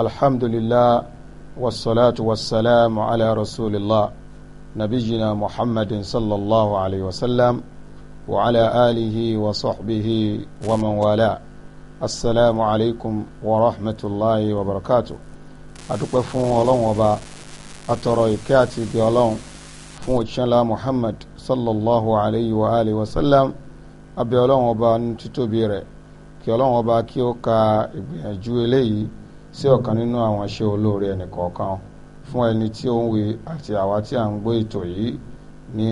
alhamdulillah wasalaatu wasalaamu ala rasulillah nabiyina muhammadin sallallahu alayhi wa sallam wa ala alihi wa sahbihi wa man wala asalaamu alaykum wa rahmatulahi wa barakatu adúpẹ́ fún ọlọ́run ọba atọ̀rọ̀ ìkẹ́ àti ìgbẹ́ ọlọ́run fún òṣìṣẹ́lá muhammad sallallahu alayhi wa alihi wa abẹ́ ọlọ́run ọba ní títóbi rẹ̀ kí ọlọ́run ọba kí ó ka ìgbìyànjú eléyìí sí ọ̀kan nínú àwọn iṣẹ́ olóore ẹnìkọ̀ọ̀kan fún ẹni tí ó ń wí àti àwa tí à ń gbọ́ ètò yìí ní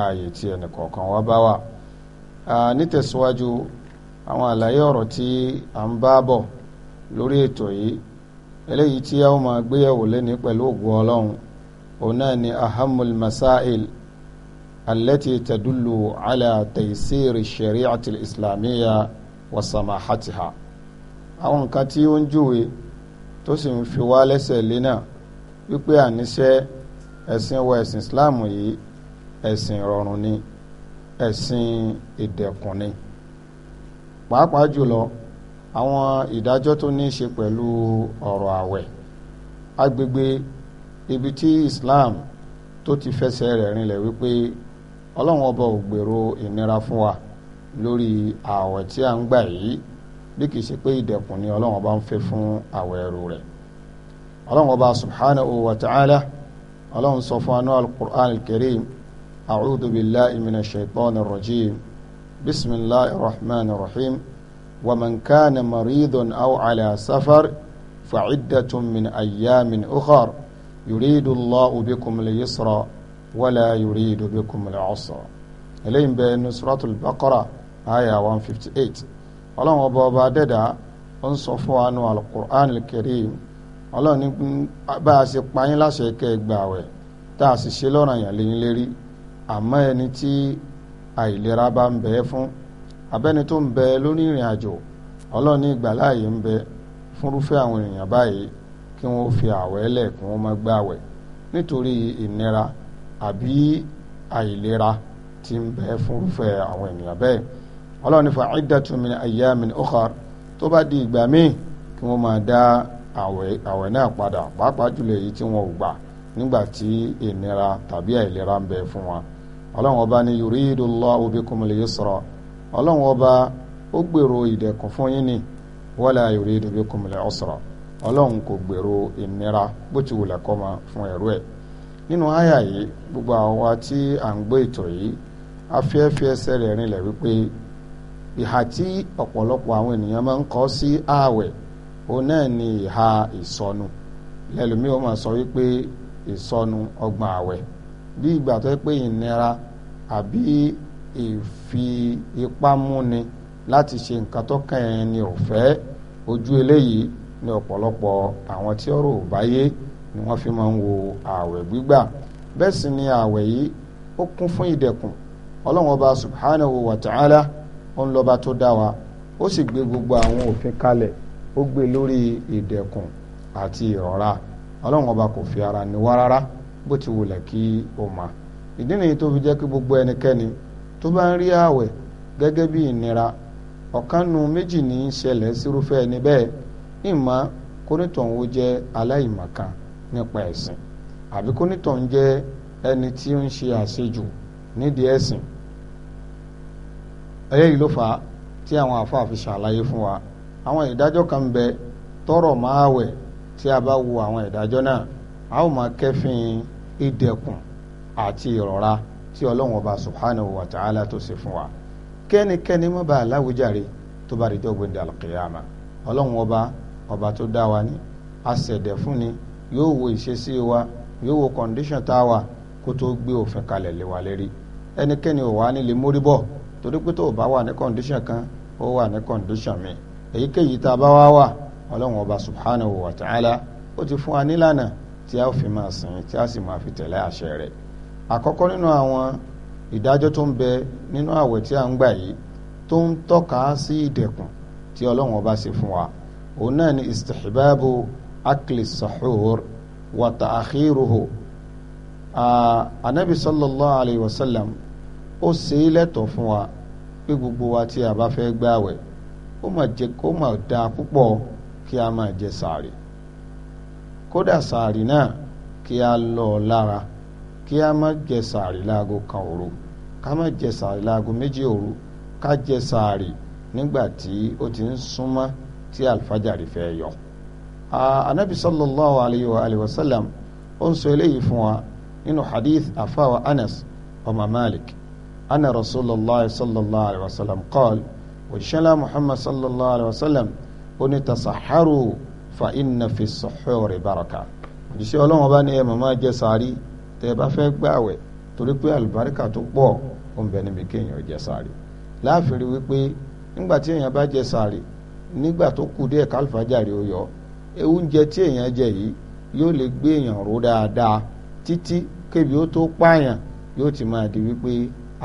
ààyè tí ẹnìkọ̀ọ̀kan wá bá wà. nítẹ̀síwájú àwọn àlàyé ọ̀rọ̀ tí à ń bá bọ̀ lórí ètò yìí eléyìí tí a ó máa gbéyẹ̀wò lẹ́ni pẹ̀lú ògùn ọlọ́run òun náà ni ahamul masail alẹ́tì tẹ̀dúlù alẹ́ àtẹ̀síìrì shari'atil islamiyya wasamahatiha àwọn nǹkan tí ó ń júwe tó sì ń fi wá lẹ́sẹ̀ lé náà wípé àníṣe ẹ̀sìn wa ẹ̀sìn Islam yìí ẹ̀sìn ìrọ̀rùn ni ẹ̀sìn ìdẹ̀kùn ni pàápàá jùlọ àwọn ìdájọ́ tó ní í ṣe pẹ̀lú ọ̀rọ̀ àwẹ̀ agbègbè ibi tí Islam tó ti fẹsẹ̀ rẹ̀ rinlẹ̀ wípé ọlọ́run ọba ò gbèrò ìnira fún wa lórí àwẹ̀ tí a ń gbà yìí bí kìí ṣe pé ìdẹ̀kùn ni ọlọ́run ọba ń fẹ́ fún àwọn ẹrú rẹ̀ ọlọ́run ọba subhanahu wa ta'ala ọlọ́run sọ fún anú al-Qur'an al-Karim a'udhu billahi minash shaitanir rajim bismillahir rahmanir rahim wa man kana maridun aw ala safar fa'iddatun min ayyamin ukhar yuridu allahu bikum al-yusra wala yuridu bikum al-usra eléyìí bẹ́ẹ̀ nusratul baqara aya one ọlọ́run ọba ọba dẹ́dà ó ń sọ fún wa nu alukur'an karim ọlọ́run ní bá a ṣe pa yín láṣẹ kẹ́ ẹ gbà wẹ̀ tá a sì ṣe lọ́ràn yàn lẹ́yìn lérí àmọ́ ẹni tí àìlera bá ń bẹ fún abẹ́ni tó ń bẹ lórí ìrìn àjò ọlọ́run ní ìgbàláàyè ń bẹ fúnrúfẹ́ àwọn èèyàn báyìí kí wọ́n fi àwẹ̀ lẹ̀ kí wọ́n má gbàwẹ̀ nítorí ìnira àbí àìlera tí ń bẹ fúnrúfẹ́ àwọn ènìyàn bẹ́ẹ̀ ọlọ́run ní fa'iddatu min ayyamin ukhar tó bá di ìgbà míì kí wọ́n máa dá àwẹ̀ náà padà pàápàá jùlọ èyí tí wọn ò gbà nígbà tí ìnira tàbí àìlera ń bẹ fún wọn ọlọ́run ọba ní yuridu Allahu bikumul yusra ọlọ́run ọba ó gbèrò ìdẹ̀kùn fún yín ni wala yuridu bikumul usra ọlọ́run kò gbèrò ìnira bó ti wùlẹ̀ kọ́ ma fún ẹ̀rú ẹ̀ nínú àyà yìí gbogbo àwa tí à ń gbé ìtọ̀ yìí afẹ́fẹ́ ẹsẹ̀ rẹ̀ wípé ìhà tí ọ̀pọ̀lọpọ̀ àwọn ènìyàn máa ń kọ sí ààwẹ̀ òun náà ni ìhà ìsọnù lẹ́lòmíì ó máa sọ wípé ìsọnù ọgbọ̀n ààwẹ̀ bí ìgbà tó yẹ pé ìnira àbí ìfi ipá múni láti ṣe nǹkan tó kàn ẹ́ ni ò fẹ́ ojú eléyìí ní ọ̀pọ̀lọpọ̀ àwọn tí ọ̀rọ̀ ò bá yé ni wọ́n fi máa ń wo ààwẹ̀ gbígbà bẹ́ẹ̀ sì ni ààwẹ̀ yìí ó kún fún ìdẹ̀kùn ọlọ́run ọba subhanahu wa ta'ala ó ń lọ́ba tó dá wa ó sì gbé gbogbo àwọn òfin kalẹ̀ ó gbé lórí ìdẹ̀kùn àti ìrọ̀ra ọlọ́run ọba kò fi ara ni wá rárá bó ti wulẹ̀ kí o mà ìdí nìyí tó fi jẹ́ kí gbogbo ẹnikẹ́ni tó bá ń rí ààwẹ̀ gẹ́gẹ́ bí ìnira ọ̀kánu méjì ní í ṣẹlẹ̀ sírúfẹ́ ẹni bẹ́ẹ̀ ìmọ̀ kónítọ̀hún ó jẹ́ aláìmọ̀kan nípa ẹ̀sìn àbí kónítọ̀hún jẹ́ ẹni tí ó ń ṣe àṣejù nídìí ẹ̀sìn eléyìí ló fà á tí àwọn àfáà fi ṣàlàyé fún wa àwọn ìdájọ́ kan bẹ tọrọ máa wẹ̀ tí a bá wo àwọn ìdájọ́ náà a ó máa kẹ́fìn ìdẹ̀kùn àti ìrọ̀ra tí ọlọ́run ọba subhanahu wa ta'ala tó ṣe fún wa kẹ́nikẹ́ni má bàa láwùjáre tó bá rí jọ́gbìn dàlùkìyàmà ọlọ́run ọba ọba tó dá wa ní àṣẹ̀dẹ̀ fún ni yóò wo ìṣesí wa yóò wo kọ̀ǹdíṣàn tá a wà kó tó gbé òfin kalẹ̀ lé wa lérí ẹnikẹ́ni ò wá nílé mórí bọ̀ torí pé tó o bá wà ní kọ̀ǹdíṣàn kan ó wà ní kọ̀ǹdíṣàn mi èyíkéyìí tá a bá wá wà ọlọ́run ọba subhanahu wa ta'ala ó ti fún wa nílànà tí a fi máa sìn tí a sì máa fi tẹ̀lé àṣẹ rẹ̀ àkọ́kọ́ nínú àwọn ìdájọ́ tó ń bẹ nínú àwẹ̀ tí a ń gbà yìí tó ń tọ́ka sí ìdẹ̀kùn tí ọlọ́run ọba ṣe fún wa òun náà ni istihbabu akli sahur wa ta'akhiruhu anabi sallallahu alayhi wa sallam ó ṣe é lẹ́tọ̀ fún wa pé gbogbo wa tí a bá fẹ́ gbààwẹ̀ ó mà jẹ́ kó mà dáa púpọ̀ kí a máa jẹ sàárì kódà sàárì náà kí a lọ lára kí a má jẹ sàárì láago kan òru ká má jẹ sàárì láago méjì òru ká jẹ sàárì nígbà tí ó ti ń súnmọ́ tí alfajari fẹ́ yọ. anabi sallallahu alayhi wa alayhi wa sallam ó ń sọ eléyìí fún wa nínú hadith afawa anas ọmọ malik أن رسول الله صلى الله عليه وسلم قال وشلا محمد صلى الله عليه وسلم أن تصحروا فإن في السحور بركة òjíṣẹ́ ọlọ́run ọba ní ẹ máa máa jẹ sàárì tẹ ẹ bá fẹ́ gbààwẹ̀ torí pé àlùbáríkà tó pọ̀ ó ń bẹ níbi kéèyàn jẹ sàárì láàfin rí wípé nígbà tí èèyàn bá jẹ sàárì nígbà tó kù díẹ̀ kálífàjárì ó yọ e oúnjẹ tí èèyàn jẹ yìí yóò lè gbé èèyàn ró dáadáa títí kébi ó tó pààyàn yóò ti máa di wípé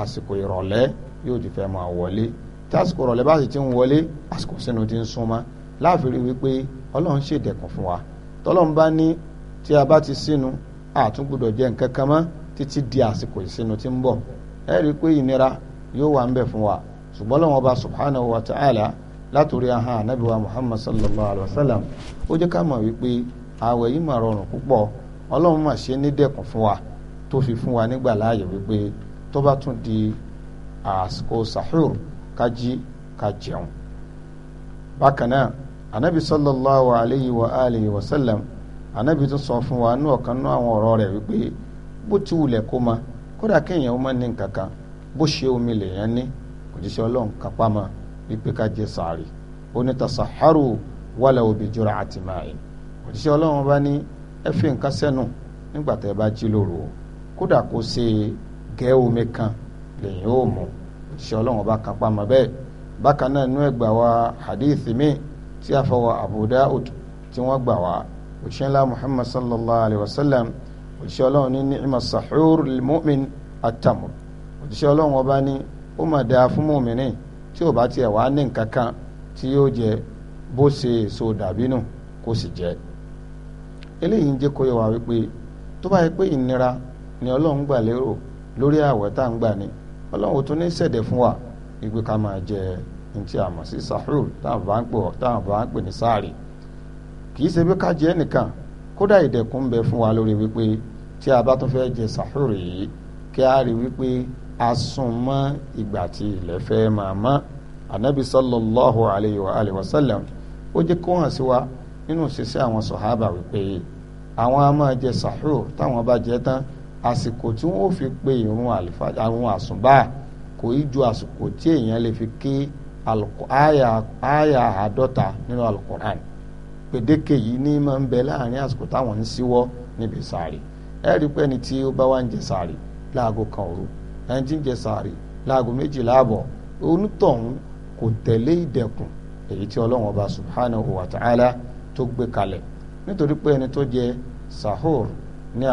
àsìkò ìrọ̀lẹ́ yóò ti fẹ́ máa wọlé tí àsìkò ìrọ̀lẹ́ bá sì ti ń wọlé àsìkò sínú ti ń súnmọ́ láàfin rí wípé ọlọ́run ṣèdẹ̀kùn fún wa tọ́lọ́run bá ní tí a bá ti sínú àtúngbùdọ̀ jẹ́ nǹkan kan mọ́ títí di àsìkò ìsínú tí ń bọ̀ ẹ rí i pé ìnira yóò wà ń bẹ̀ fún wa ṣùgbọ́n lọ́wọ́ ọba subhanahu wa ta'ala látòrí ahọ́n ànábì wa muhammad sallallahu alayhi wa sallam ó jẹ́ ká mọ̀ wípé ààwẹ̀ yìí mà rọrùn púpọ̀ ọlọ́run mà ṣe ní dẹ̀kùn fún wa tó fi fún wa nígbà láàyè wípé tó bá tún di àsìkò sahur ká jí ká jẹun bákan náà anabi sallallahu alayhi wa alihi wa sallam anabi tún sọ fún wa nú ọ̀kan nú àwọn ọ̀rọ̀ rẹ̀ wípé bó ti wulẹ̀ kó ma kódà kéèyàn ó má ní nǹkan kan bó ṣe omi lèèyàn ní kò ọlọ́run kápá ma wípé ká jẹ sàárì ó ní tasaharu walaw bi jur'ati ma'in kò jíṣẹ́ ọlọ́run bá ní ẹ fi nǹkan sẹ́nu nígbà tẹ́ ẹ bá jí lóru kódà kó ṣe gẹ́ omi kan lèyìn ó mú ṣe ọlọ́run ọba kan pa mọ́ bẹ́ẹ̀ bákan náà nú ẹgbà wa hadith mi tí a fọwọ́ Abu Daud tí wọ́n gbà wá òṣìṣẹ́ ńlá Muhammad sallallahu alayhi wa sallam òṣìṣẹ́ ọlọ́run ní ni'ma sahur lilmu'min atamu, òṣìṣẹ́ ọlọ́run ọba ní ó mà dáa fún mùmínì tí ò bá tiẹ̀ wá ní nǹkan kan tí yóò jẹ bó ṣe èso dàbínù kó sì jẹ eléyìí ń jẹ́ kó yé wa wípé tó bá yẹ pé ìnira ni ọlọ́run gbà lérò lórí àwẹ̀ tá à ń gbà ni ọlọ́run tó ní sẹ̀dẹ̀ fún wa ìgbé ká máa jẹ ntí ama sí sahur táwọn bá ń pè kì í ṣe bí ká jẹ nìkan kódà ìdẹ̀kùn ń bẹ fún wa lórí wípé tí a bá tún fẹ́ jẹ a rí wípé a sùn mọ́ ìgbà tí anabi sallallahu alayhi wa sallam ó kó hàn sí wa nínú ṣiṣẹ́ àwọn sọ̀hábà wípé àwọn a máa jẹ táwọn àsìkò tí wọ́n fi pe ìrun àwọn àsùnbà kò í ju àsìkò tí èèyàn lè fi ké àyà àádọ́ta nínú alukoran gbèdéke yìí ní máa ń bẹ láàrin àsìkò táwọn ń síwọ́ níbi sàárì ẹ rí pé ẹni tí ó bá wá ń jẹ láago kan òru ẹni tí ń jẹ láago méjìlá àbọ̀ onítọ̀hún ọba wa ta'ala tó gbé kalẹ̀ nítorí pé ẹni tó jẹ sahur ní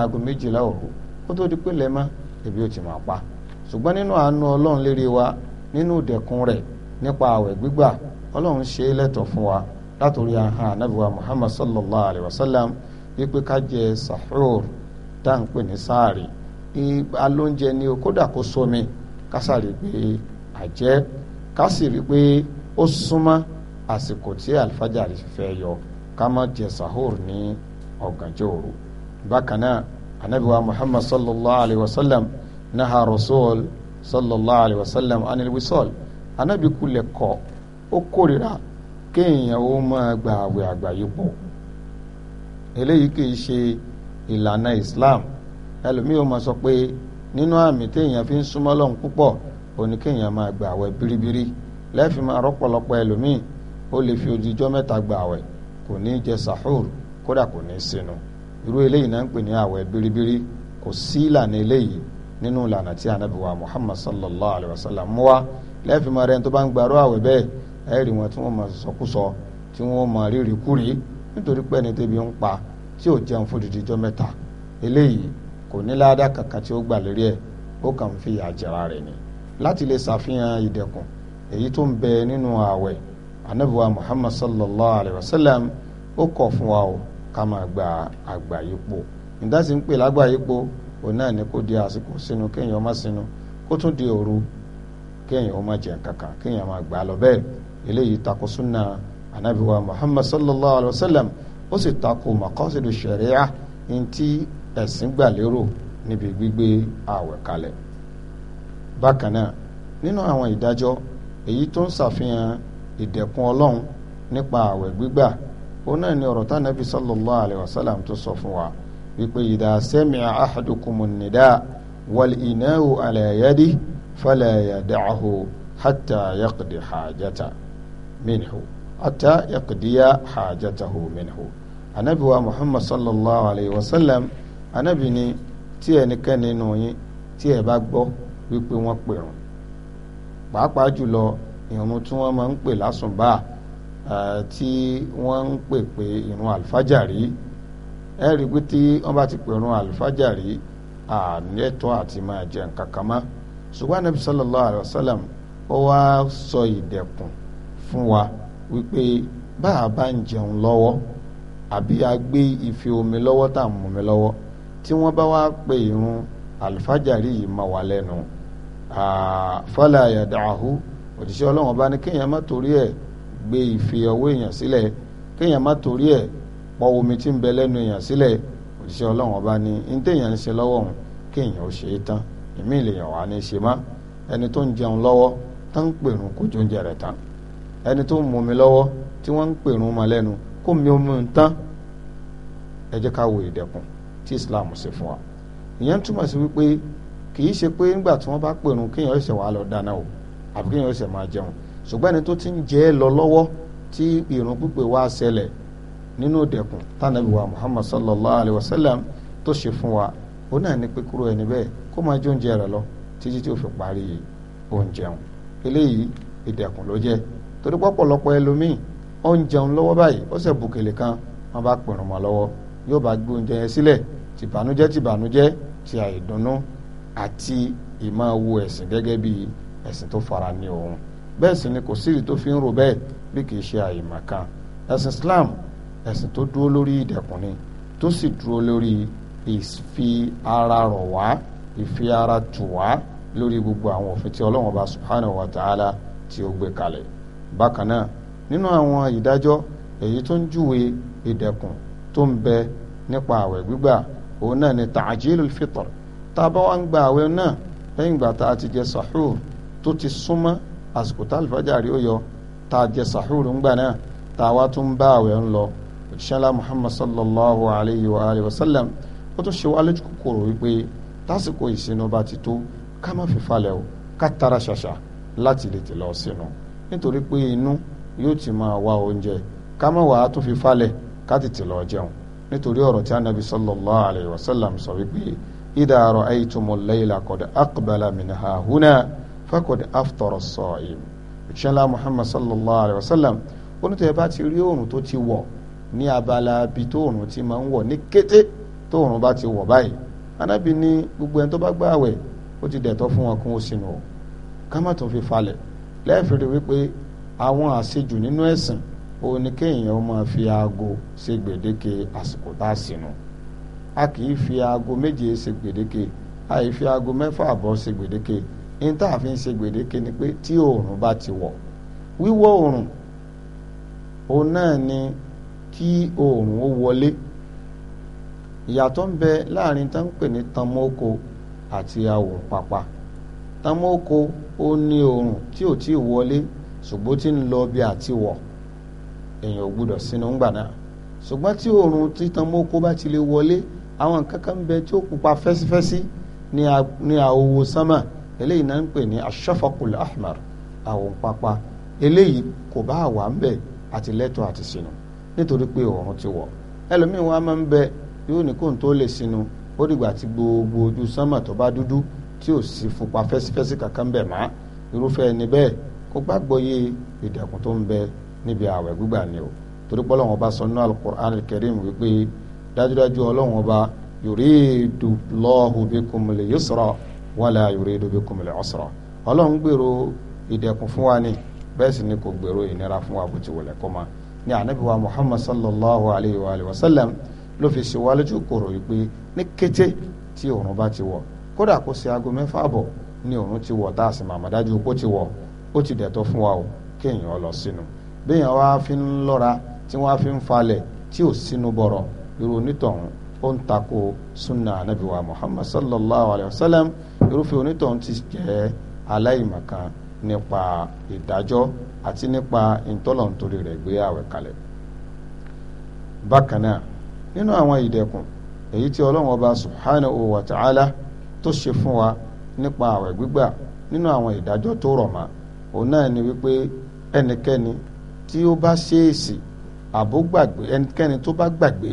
ó tó di pé lẹ́mọ́ ebi ó ti máa pa ṣùgbọ́n nínú àánú ọlọ́run lérí wa nínú ìdẹ̀kùn rẹ̀ nípa àwẹ̀ gbígbà ọlọ́run ṣe é lẹ́tọ̀ fún wa látòrí ahọ́n anábìwá muhammad sallallahu alayhi wa sallam wípé ká jẹ sahur tá à ń pè ní sáàrì alóúnjẹ ni o kódà kó sómi ká sáré pé àjẹ́ ká sì rí pé ó súnmọ́ àsìkò tí alifájà rẹ̀ fẹ́ yọ ká má jẹ sahur ní ọ̀gànjọ́ òru bákan náà anabi محمد صلى الله عليه وسلم نهى رسول صلى الله عليه وسلم عن الوصال wisol كل kulẹ̀ kọ́ ó kórira kéèyàn ó máa gba àwẹ̀ àgbáyé pọ̀ eléyìí kì í ṣe ìlànà islam ẹlòmíì ó máa sọ pé nínú àmì téèyàn fi ń súnmọ́ lọ́hùn púpọ̀ òní kéèyàn máa gba àwẹ̀ biribiri lẹ́ẹ̀fi máa rọ́pọ̀lọpọ̀ ẹlòmíì ó lè fi odijọ́ mẹ́ta gba àwẹ̀ kò ní jẹ sahur kódà kò ní sínú irú eléyìí náà ń pè ní àwẹ̀ biribiri kò sí ìlànà eléyìí nínú ìlànà tí anabi wa muhammad sallallahu alayhi wa sallam mú wa lẹ́ẹ̀fin máa rẹ̀ tó bá ń gbarú àwẹ̀ bẹ́ẹ̀ ẹ̀rì wọn tí wọ́n máa sọkúsọ tí wọ́n máa rírì kúrì nítorí pé ẹni tẹ́bi ń pa tí ò jẹun fún odidi ọjọ́ mẹ́ta eléyìí kò ní ládàá kankan tí ó gbà lérí ẹ̀ ó kàn ń fi ìyà rẹ̀ ni láti lè ṣàfihàn ìdẹ̀kùn èyí tó ń bẹ nínú àwẹ̀ anabi wa muhammad sallallahu alayhi wa sallam ó kọ̀ fún wa o ká máa gba àgbàyípo ìdásí ń pè lágbàyípo òun náà ni kó di àsìkò sínú kéèyàn má sínú kó tún di òru kéèyàn má jẹ kankan kéèyàn má gbà lọ bẹ́ẹ̀ eléyìí tako sunna anabiwa muhammad sallallahu alayhi wa sallam ó sì tako makosidu sharia ntí ẹ̀sìn gbà lérò níbi gbígbé àwẹ̀ kalẹ̀ bákan náà nínú àwọn ìdájọ́ èyí tó ń ṣàfihàn ìdẹ̀kùn ọlọ́run nípa àwẹ̀ gbígbà òun náà ni ọ̀rọ̀ tánàbí sallallahu alayhi wa sallam tó sọ fún wa wípé idha sami'a ahadukumun nidaa wal inahu ala yadihi fala yada'ahu hatta yaqdi hajata minhu hatta yaqdiya hajatahu minhu anabi wa muhammad sallallahu alayhi wa sallam anabi ni tí ẹnikẹ́ni nù yín tí bá gbọ́ wípé wọ́n pèrún pàápàá jùlọ ìrun tí wọ́n máa ń pè lásùnbáà tí wọ́n ń pè pé irun àlùfájàrí ẹ rí pé tí wọ́n bá ti pè irun àlùfájàrí àlẹ́tọ́ àti máa jẹun kankan mọ́ ṣùgbọ́n anabi sallallahu alayhi wa sallam ó wá sọ ìdẹ̀kùn fún wa wípé bá a bá ń jẹun lọ́wọ́ àbí a gbé ife omi lọ́wọ́ tá à ń mumi lọ́wọ́ tí wọ́n bá wá pe irun àlùfájàrí yìí máa wà lẹ́nu fala yada'ahu òjíṣẹ́ ọlọ́run bá ní kéèyàn má torí ẹ̀ gbé ìfì ọwọ́ èèyàn sílẹ̀ kéèyàn má torí ẹ̀ pọ omi tí ń bẹ lẹ́nu èèyàn sílẹ̀ òṣìṣẹ́ ọlọ́run ọba ní ní téèyàn ń ṣe lọ́wọ́ òun kéèyàn ó ṣe é tán èmi ìlèyàn wà ní ṣe má ẹni tó ń jẹun lọ́wọ́ tó ń pèrún kó jó rẹ̀ tán ẹni tó ń mumi lọ́wọ́ tí wọ́n ń pèrún mọ́ lẹ́nu kó mi omi ń tán ẹ jẹ́ ká wo ìdẹ̀kùn tí Islam ṣe fún wa ìyẹn túmọ̀ sí wípé kì í ṣe pé nígbà tí wọ́n bá pèrún kéèyàn ó ṣe wàá lọ dáná o àbí kéèyàn ó ṣe máa jẹun ṣùgbọ́n ẹni tó ti ń jẹ́ lọ lọ́wọ́ tí ìrun pípé wá ṣẹlẹ̀ nínú ìdẹ̀kùn tánàbí Muhammad sallallahu alayhi wa sallam tó ṣe fún wa ó náà ní pé kúrò ẹni bẹ́ẹ̀ kó máa jẹ oúnjẹ rẹ̀ lọ títí tí ó fi parí oúnjẹun eléyìí ìdẹ̀kùn ló jẹ́ torí pọ̀pọ̀lọpọ̀ ẹlòmíì ó ń jẹun lọ́wọ́ báyìí ó ṣe bùkèlè kan wọn bá pèrún mọ́ lọ́wọ́ yóò bá gbé oúnjẹ yẹn sílẹ̀ tìbànújẹ́ tìbànújẹ́ ti àìdùnnú àti ìmáa wo ẹ̀sìn gẹ́gẹ́ bí ẹ̀sìn tó fara ní òun bẹ́ẹ̀ sì ni kò sí ìdí tó fi ń rò bẹ́ẹ̀ bí kì í ṣe àyèmọ̀ kan ẹ̀sìn Islam ẹ̀sìn tó dúró lórí ìdẹ̀kùn ni tó sì dúró lórí ìfi ara rọ̀ wá ìfi ara tù wá lórí gbogbo àwọn òfin tí Ọlọ́run Ọba subhanahu wa ta'ala tí ó gbé kalẹ̀ bákan náà nínú àwọn ìdájọ́ èyí tó ń júwe ìdẹ̀kùn tó ń bẹ nípa àwẹ̀ gbígbà òun náà ni ta'jilul fitr tá a bá wá ń gba àwẹ̀ náà lẹ́yìn ìgbà tá a ti jẹ sahur tó ti súnmọ́ àsìkò tá àlùfájàrí ó yọ tá a jẹ sàhúrù ńgbà náà tá a wá tún bá àwẹ̀ ń lọ òṣìṣẹ́lá muhammad sallallahu alayhi wa alayhi wa sallam ó tún ṣe wá lójú kòkòrò wípé tásìkò ìsinú bá ti tó ká má fi falẹ̀ o ká tara ṣàṣà láti lè tẹ̀lé ọ sínú nítorí pé inú yóò ti máa wá oúnjẹ ká má wàá tún fi falẹ̀ ká tètè lọ jẹun nítorí ọ̀rọ̀ tí anabi sallallahu alayhi wa sallam sọ wípé idha ra'aytumul layla qad aqbala min hahuna fakọ̀dé aftọ̀rọ̀ sọ̀ọ́yìn ìṣẹ́lá muhammad sallallahu alayhi wa sallam onítẹ̀ bá ti rí oòrùn tó ti wọ̀ ní abala bíi tó oòrùn ti máa ń wọ̀ ní kété tó oòrùn bá ti wọ̀ báyìí anábì ní gbogbo ẹni tó bá gbà àwẹ̀ ó ti dẹ̀tọ́ fún wọn kún ó sinú o ká má tún fi falẹ̀ lẹ́ẹ̀fẹ̀rẹ̀ wípé àwọn àṣejù nínú ẹ̀sìn òun ni kéèyàn máa fi aago ṣe gbèdéke àsìkò tá a sinú a kì í fi aago méje ṣe gbèdéke a kì í fi aago mẹ́fà àbọ̀ ṣe gbèdéke ní tá a fi ń ṣe gbèdéke ni pé tí oòrùn bá ti wọ̀ wíwọ̀ oòrùn òun náà ni kí oòrùn ó wọlé ìyàtọ̀ ń bẹ láàrin tá ń pè ní tanmọ́kọ àti àwòrán pàpà tanmọ́kọ ó ní oòrùn tí ò tí ì wọlé ṣùgbọ́n tí ń lọ bí àti wọ̀ èèyàn ò gbúdọ̀ sínú ńgbà náà ṣùgbọ́n tí oòrùn títan mọ́kó bá ti lè wọlé àwọn nǹkan bẹ tí ó pupa fẹ́sífẹ́sí ní àwòwò sánmà eléyìí náà ń pè ní ashafakul ahmar àwọn pápá eléyìí kò bá wà ń bẹ àti lẹ́tọ̀ àti sínú nítorí pé òòrùn ti wọ̀ ẹlòmíín wa máa ń bẹ yóò ní kóun tó lè sínú ó dìgbà tí gbogbo ojú sánmà tó bá dúdú tí ò sí fúnpa fẹ́sífẹ́sí kankan bẹ̀ má irúfẹ́ ẹni bẹ́ẹ̀ kó gbàgbọ́ yé ìdẹ̀kùn tó ń bẹ níbi ààwẹ̀ gbígbà ni o torí pé ọlọ́run ọba sọ nínú alukur'an kẹrim wípé dájúdájú ọlọ́run ọba yuridu Allahu bikumul yusra wala yuridu bikumul usra ọlọ́run gbèrò ìdẹ̀kùn fún wa ni bẹ́ẹ̀ sì ni kò gbèrò ìnira fún wa bó ti wọlé kó ma ní anabi wa muhammad sallallahu alayhi wa alayhi wa sallam ló fi ṣe wá lójú kòrò wípé ní kété tí òòrùn bá ti wọ̀ kódà kó ṣe aago mẹ́fà bọ̀ ní òòrùn ti wọ̀ tá a sì màmá dájú bó ti wọ̀ ó ti dẹ̀tọ́ fún wa o kéèyàn lọ sínú béèyàn wá fi ń lọ́ra tí wọ́n á fi ń falẹ̀ tí ò sínú bọ̀rọ̀ irú onítọ̀hún ó ń tako sunna anabi wa muhammad sallallahu alayhi wa sallam irúfẹ́ onítọ̀hún ti jẹ́ aláìmọ̀kan nípa ìdájọ́ àti nípa ìtọ́lọ̀ntorí rẹ̀ gbé àwẹ̀ kalẹ̀ bákan náà nínú àwọn ìdẹ̀kùn èyí tí ọlọ́run ọba subhanahu wa ta'ala tó ṣe fún wa nípa àwẹ̀ gbígbà nínú àwọn ìdájọ́ tó rọ̀ mọ́ òun náà ni wípé ẹnikẹ́ni tí ó bá ṣèèṣì àbó gbàgbé ẹnikẹ́ni tó bá gbàgbé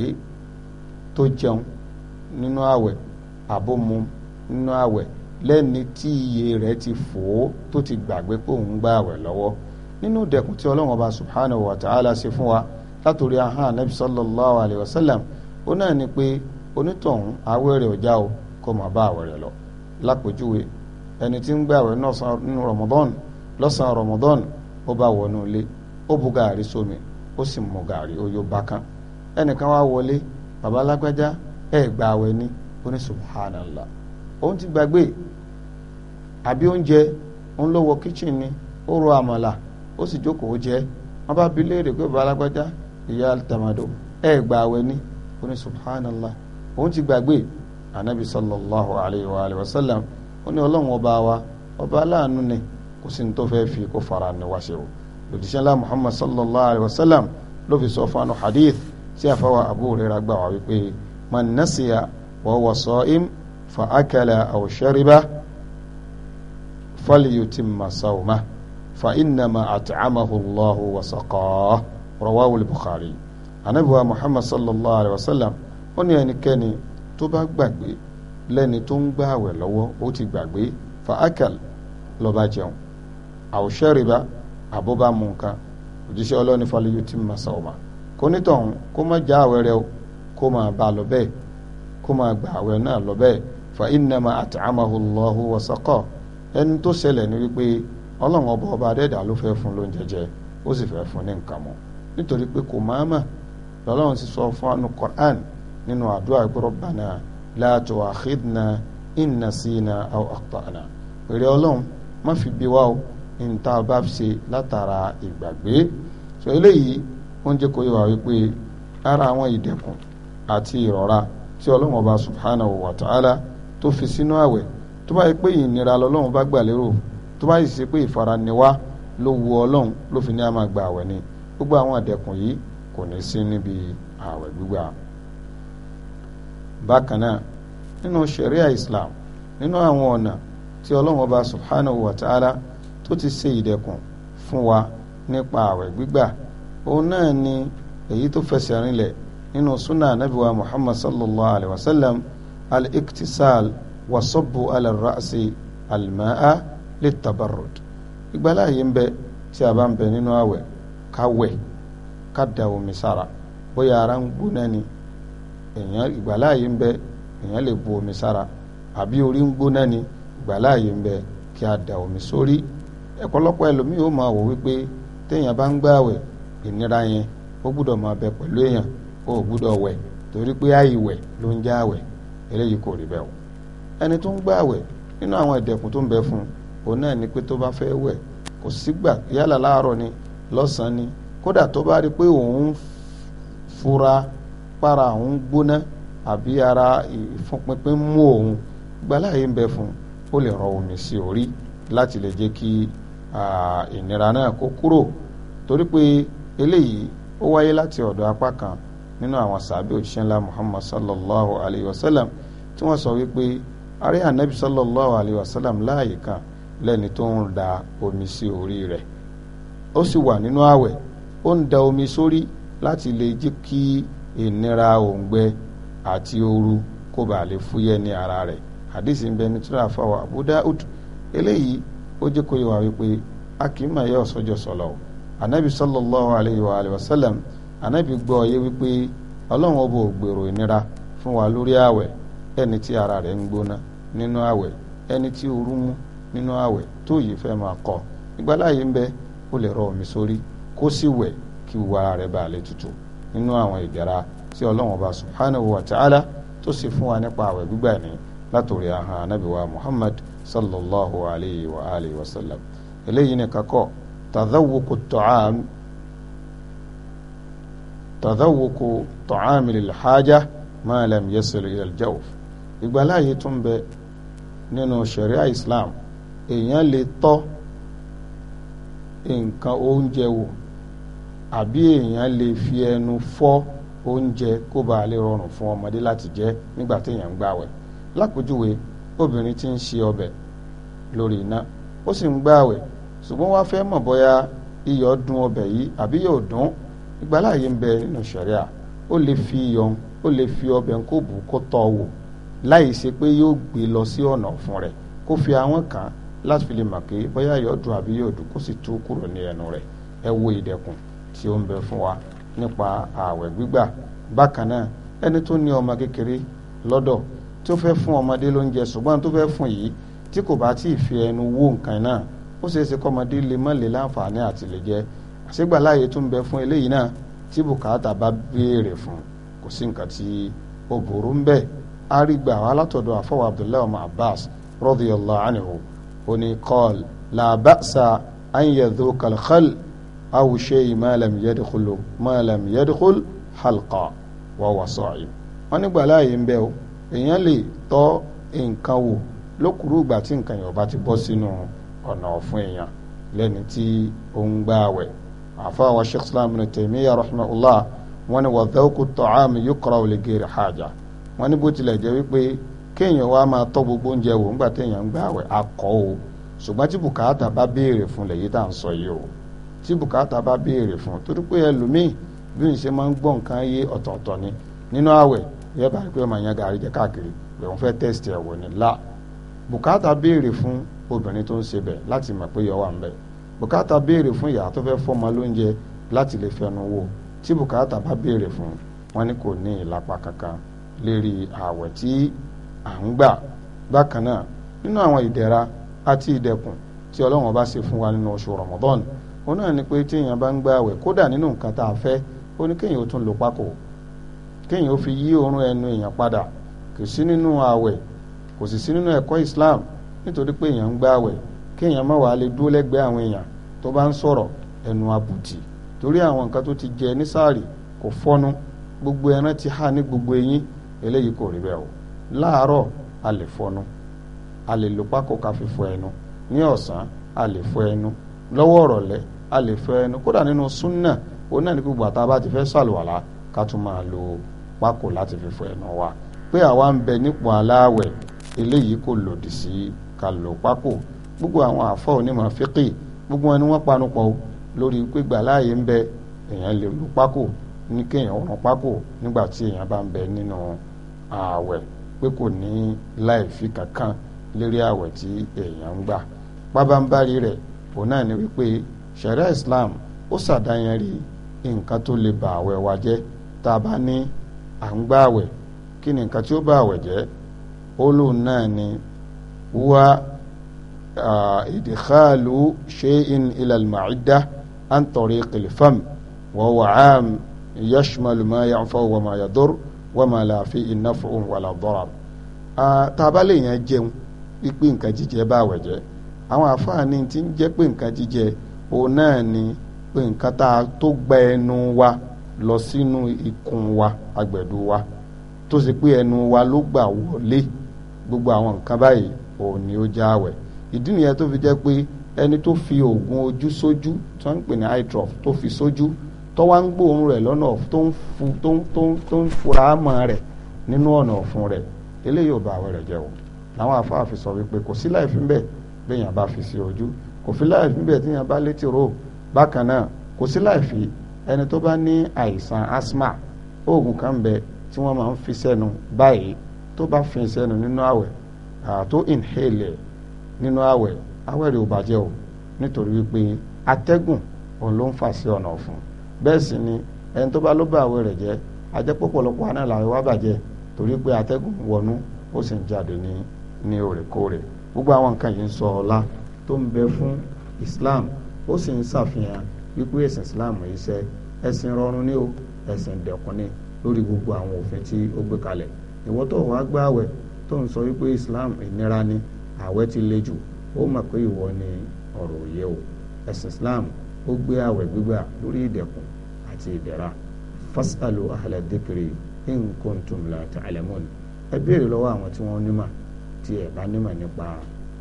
tó jẹun nínú àwẹ̀ àbó mu nínú àwẹ̀ lẹ́ni tí iye rẹ̀ ti fò ó tó ti gbàgbé pé òun gbà àwẹ̀ lọ́wọ́ nínú dẹ̀kun tí ọlọ́run ọba subhanahu wa ta'ala ṣe fún wa látòrí ahọ́n anabi sallallahu alayhi wa sallam ó náà ni pé onítọ̀hún àwẹ̀ rẹ̀ ò já o kó máa bá àwẹ̀ rẹ̀ lọ lápòjúwe ẹni tí ń gbà àwẹ̀ nínú ramadan lọ́sàn-án ramadan ó bá wọnú ilé ó bu gààrí sómi ó sì mu gààrí ó yó bákan ẹnìkan wá wọlé bàbá ẹ̀ gbà àwẹ̀ ni ó subhanallah òun ti gbàgbé àbí oúnjẹ òun ló wọ kíchìn ni ó rọ àmàlà ó sì jókòó jẹ wọn bá bi léèrè pé bàbá alágbájá ìyá tàmàdó ẹ gbà àwẹ̀ ni ó ní subhanallah òun ti gbàgbé anabi sallallahu alayhi wa alayhi wa sallam ó ní ọlọ́run ọba wa ọba aláàánú ni kò sí ní tó fẹ́ fi kó fara ni wá ṣe o lòdìṣẹ́lá muhammad sallallahu alayhi wa sallam ló fi sọ fún anu hadith tí a fọwọ́ gbà wá wípé man nasiya wa huwa fa akala aw shariba. فليتم صومه فإنما أطعمه الله وسقاه رواه البخاري anabiwa muhammad sallallahu alayhi wa sallam ó ní ẹnikẹ́ni tó bá gbàgbé lẹ́ni tó ń gbà àwẹ̀ lọ́wọ́ ó ti gbàgbé fa akal ló bá jẹun àwòṣẹ́rìbá àbúbá mu nǹkan òjíṣẹ́ ọlọ́ni faliyu ti ma sàwọ́mà kó nítọ̀hún kó má já àwẹ̀ rẹ̀ o kó máa bá a lọ bẹ́ẹ̀ kó máa gbà àwẹ̀ náà lọ bẹ́ẹ̀ fa innama at'amahu Allahu wa saqahu ẹni tó ṣẹlẹ̀ ni wípé ọlọ́run ọba ọba adẹ́dà ló fẹ́ fún lóúnjẹ jẹ ó sì fẹ́ fún ní nǹkan mu nítorí pé kò máa mà lọ́lọ́run sì sọ fún anu Qur'an nínú àdúrà Rabbana la tu'akhidna in nasina aw akhta'na èrè ọlọ́run má fi bí wá o ní tá a bá ṣe látara ìgbàgbé sọ eléyìí oúnjẹ kò yẹ wá wípé ara àwọn ìdẹ̀kùn àti ìrọ̀ra tí ọlọ́run ọba subhanahu wa ta'ala tó fi sínú àwẹ̀ tó bá yẹ pé ìnira lọ́lọ́run bá gbà lérò tó bá yìí ṣe pé ìfaraniwá ló wu ọlọ́run ló fi ní a gba àwẹ̀ ni gbogbo àwọn àdẹ̀kùn yìí kò ní sí níbi àwẹ̀ gbígbà. bákan náà nínú sharia islam nínú àwọn ọ̀nà tí ọlọ́run ọba subhanahu wa ta'ala tó ti ṣe ìdẹ̀kùn fún wa nípa àwẹ̀ gbígbà òun náà ni èyí tó fẹsẹ̀ rinlẹ̀ nínú sunnah nabi muhammad sallallahu alaihi wa sallam al-iktisal wasabu ala ra'asi alimaa lè tabarod ìgbàláyé ń bẹ tí a bá ń bẹ nínú àwẹ̀ ká wẹ̀ ká da omi sára bóyá ara ń gbóná ni èèyàn ìgbàláyé ń bẹ èèyàn lè bu omi sára àbí orí ń gbóná ni ìgbàláyé ń bẹ kí a da omi sórí ẹ̀kọ́lọ́pọ̀ ẹlòmíì ó máa wò wípé téèyàn bá ń gbààwẹ̀ ìnira yẹn ó gbúdọ̀ máa bẹ pẹ̀lú èèyàn ó gbúdọ̀ wẹ̀ torí pé àìwẹ̀ ló ń jáwẹ̀ eléyìí kò rí bẹ́ẹ̀ o ẹni tó ń gbààwẹ̀ nínú àwọn ìdẹ̀kùn tó ń bẹ fún un òun náà ni pé tó bá fẹ́ wẹ̀ kò sígbà yálà láàárọ̀ ni lọ́sàn ni kódà tó bá rí i pé òun fura para òun gbóná àbí ara ìfúnpinpin mú òun gbàláyé ń bẹ fún un ó lè rọ omi sí orí láti lè jẹ́ kí ìnira náà kó kúrò torí pé eléyìí ó wáyé láti ọ̀dọ̀ apá kan nínú àwọn sàbẹ̀ òjíṣẹ́ ńlá Muhammad sallallahu alayhi wa sallam tí wọ́n sọ wípé àrí ànábì sallallahu alayhi wa sallam láàyè kan lẹ́ni tó ń da omi sí orí rẹ̀ ó sì wà nínú ààwẹ̀ ó ń da omi sórí láti lè jẹ́ kí ìnira òǹgbẹ àti ooru kó bàa lè fúyẹ́ ní ara rẹ̀ hadisi ń bẹ ní tíra fáwọn Abu Daud eléyìí ó jẹ́ kó yẹ wá wípé a kì í mà yẹ ọ̀sọ́jọ́ sọ̀lọ̀ o anabi sallallahu alayhi wa alayhi wa sallam anabi gbọ́ ọ yé wípé ọlọ́run ọba ò gbèrò ìnira fún wa lórí ààwẹ̀ ẹni tí ara rẹ̀ ń gbóná nínú àwẹ̀ ẹni tí ooru mú nínú àwẹ̀ tó yìí fẹ́ máa kọ ìgbàláyé ń bẹ ó lè rọ omi sórí kó sì wẹ̀ kí gbogbo ara rẹ̀ bá lè tutù nínú àwọn ìdára tí ọlọ́run ọba subhanahu wa ta'ala tó sì fún wa nípa àwẹ̀ gbígbà ní látòrí ahọ́n anábìwá muhammad sallallahu alayhi wa alayhi wa sallam eléyìí ni kakọ́ tadawuku ta'am tadawuku ta'am lil haja ma lam yasil jawf ìgbàláyé tún bẹ nínú sharia islam èèyàn lè tọ́ nǹkan oúnjẹ wò àbí èèyàn lè fi ẹnu fọ́ oúnjẹ kó bàa lè rọrùn fún ọmọdé láti jẹ nígbà téèyàn ń gbààwẹ̀ lápèjúwe obìnrin tí ń ṣe ọbẹ̀ lórí iná ó sì ń gbààwẹ̀ ṣùgbọ́n wá fẹ́ mọ̀ bóyá iyọ̀ dùn ọbẹ̀ yìí àbí yóò dùn ìgbàláyé ń bẹ nínú ṣẹ̀ríà ó lè fi iyọ̀ ó lè fi ọbẹ̀ kó bù kó tọ́ wò láì ṣe pé yóò gbé lọ sí ọ̀nà ọ̀fun rẹ̀ kó fi àwọn kan láti fi lè mọ̀ pé bóyá yóò dùn àbí yóò dùn kó sì tú kúrò ní ẹnu rẹ̀ ẹ wo ìdẹ̀kùn tí ó ń bẹ fún wa nípa ààwẹ̀ gbígbà bákan náà ẹni tó ní ọmọ kékeré lọ́dọ̀ tó fẹ́ fún ọmọdé lóúnjẹ ṣùgbọ́n tó fẹ́ fún yìí tí kò bá tí ì fi ẹnu wó nǹkan náà ó ṣeé ṣe kọ́mọdé lè má láǹfààní àti lè jẹ àṣegbàláyé tó ń bẹ fún eléyìí náà tí bùkátà bá béèrè fún kò sí nǹkan tí ó burú ń bẹ́ẹ̀ arígbà alátọ̀dọ̀ àfọwọ́ abdullahi ọmọ abbas radiyallahu anhu oní kọ́l la ba'sa an yadhuqa al-khal aw shay ma lam yadkhul ma lam yadkhul halqa wa huwa sa'im wọ́n nígbà láàyè ń bẹ́ o èèyàn lè tọ́ nǹkan wò lókùrú ìgbà tí nǹkan yẹn bá ti bọ́ sínú ọ̀nà ọ̀fun èèyàn lẹ́ni tí ó ń gbààwẹ̀ àfọwọ́ sheikh islam ibn taymiyyah rahimahullah wọ́n ní wa dhawqu at-ta'am yuqra li ghayri haja wọ́n ní bó tilẹ̀ jẹ́ wípé kéèyàn wá máa tọ́ gbogbo oúnjẹ wò ńgbà téèyàn ń gbà àwẹ̀ akọ́ o ṣùgbọ́n tí bùkátà bá béèrè fún lèyí tá à ń sọ yìí o tí bùkátà bá béèrè fún torí pé ẹlòmíì bí n ṣe máa ń gbọ́ nǹkan yé ọ̀tọ̀ọ̀tọ̀ ni nínú àwẹ̀ yẹ bá rí pé ọmọ yẹn gàrí jẹ káàkiri lòun fẹ́ tẹ̀sítì ẹ̀wọ̀ ni la bùkátà béèrè fún obìnrin tó ń ṣe bẹ̀ láti mọ̀ pé yọwà ń bẹ̀ bùkátà béèrè fún ìyá tó fẹ́ fọ́mọ lóúnjẹ láti lè fẹnu wò tí bùkátà bá béèrè fún wọn ni kò ní ìlapa kankan lérí ààwẹ̀ tí à ń gbà bákan náà nínú àwọn ìdẹ̀ra àti ìdẹ̀kùn tí ọlọ́run bá ṣe fún wa nínú oṣù rọ̀mọ́dọ́nù òun náà ni pé tí èèyàn bá ń gbà ààwẹ̀ kódà nínú nǹkan tá a fẹ́ ó ní kéèyàn ó tún lò pákò kéèyàn ó fi yí oorun ẹnu èèyàn padà kò sí nínú ààwẹ̀ kò sì sí nínú ẹ̀kọ́ Islam nítorí pé èèyàn ń gbà ààwẹ̀ kéèyàn má wàá lè dúró lẹ́gbẹ̀ẹ́ àwọn èèyàn tó bá ń sọ̀rọ̀ ẹnu àbùtì torí àwọn nǹkan tó ti jẹ nísàárì kò fọ́nu gbogbo ẹran ti há ní gbogbo eyín eléyìí kò rí bẹ́ẹ̀ o láàárọ̀ a lè fọnu a lè lo pákó ká fi fọ ẹnu ní ọ̀sán a lè fọ ẹnu lọ́wọ́ ọ̀rọ̀lẹ́ a lè fọ ẹnu kódà nínú súnà òun náà ní gbogbo àtà bá ti fẹ́ sàlùwàlá ká tún máa lo pákó láti fi fọ ẹnu wa pé àwa ń bẹ nípò aláwẹ̀ eléyìí kò lòdì sí ká lo pákó gbogbo àwọn àfọ onímọ̀ fíkì gbogbo wọn ni wọ́n panupọ̀ lórí pé gbàláàyè ń bẹ èèyàn lè lo pákó ní kéèyàn ọ̀ràn pákó nígbà tí èèyàn bá ń bẹ nínú ààwẹ̀ pé kò ní láìfi kankan lérí ààwẹ̀ tí èèyàn ń gbà pábánbárí rẹ̀ òun náà ni wípé ṣẹ̀ríà Islam ó ṣàdáyanrí nǹkan tó lè ba ààwẹ̀ wa jẹ́ tá a bá ní à ń gbà ààwẹ̀ kí ni nǹkan tí ó ba ààwẹ̀ jẹ́ ó lóun náà ni wá ìdíkàlù ṣéyìn ilal ma'idda an tariqil fam wa wa'am yashmalu ma yanfa wa ma yadur wa ma la fi naf'un wala darar tàbá lè yẹn jẹun pípé nǹkan jíjẹ bá àwẹ̀ jẹ́ àwọn àfáàní ti ń jẹ́ pé nǹkan jíjẹ òun náà ni pé nǹkan tá a tó gba ẹnu wa lọ sínú ikùn wa agbẹ̀dù wa tó ṣe pé ẹnu wa ló gbà wọlé gbogbo àwọn nǹkan báyìí òun ni ó já àwẹ̀ ìdí nìyẹn tó fi jẹ́ pé ẹni tó fi oògùn ojú sójú tó ń pè ní eye tó fi sójú. So tó wá ń gbóòórùn rẹ̀ lọ́nà tó ń fura mọ́ rẹ̀ nínú ọ̀nà ọ̀fun rẹ̀ eléyìí ò bá àwẹ̀ rẹ̀ jẹ́ o làwọn afáàfin sọ wípé kò sí láì fi ń bẹ̀ béèyàn bá fi sí ojú kò fi láì fi ń bẹ̀ téèyàn bá létí ro bákan náà kò sí láì ẹni tó bá ní àìsàn asthma oògùn kan bẹ tí wọ́n máa ń fi sẹ́nu báyìí tó bá fi sẹ́nu nínú àwẹ̀ àtó inhale nínú àwẹ̀ àwẹ̀ rẹ̀ ò bàjẹ́ o nítorí wípé atẹ́gùn òun ló ń fà sí ọ̀nà ọ̀fun bẹ́ẹ̀ sì ni ẹni tó bá ló bá àwẹ̀ rẹ̀ jẹ́ ajẹ́pọ̀ pọ̀lọpọ̀ àná làwẹ̀ wá bàjẹ́ torí pé atẹ́gùn wọnú ó sì ń jáde ní ní òrèkóòrè gbogbo àwọn nǹkan yìí ń sọ ọlá tó ń bẹ fún Islam ó sì ń ṣàfihàn wípé ẹ̀sìn Islam yìí ṣe ẹ̀sìn rọrùn ni o ẹ̀sìn dẹ̀kun gbogbo àwọn òfin tí ó gbé kalẹ̀ tó wàá àwẹ̀ Islam ìnira ni àwẹ̀ ti le jù ó mọ̀ pé ìwọ ni ọ̀rọ̀ òye o ẹ̀sìn Islam ó gbé àwẹ̀ gbígbà lórí ìdẹ̀kùn àti ìdẹ̀ra fasalu ahla dhikri in kuntum la ta'lamun ẹ béèrè lọ́wọ́ àwọn tí wọ́n nímọ̀ tí ẹ bá nímọ̀ nípa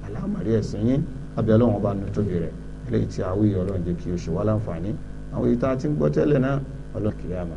àlámọ̀rí ẹ̀sìn yín abẹ́ ọlọ́run bá nu tóbi rẹ̀ eléyìí tí awí ọlọ́run jẹ́ kí o ṣe wá láǹfààní àwọn ìta tí ń gbọ́ tẹ́lẹ̀ náà ọlọ́run kìí àmà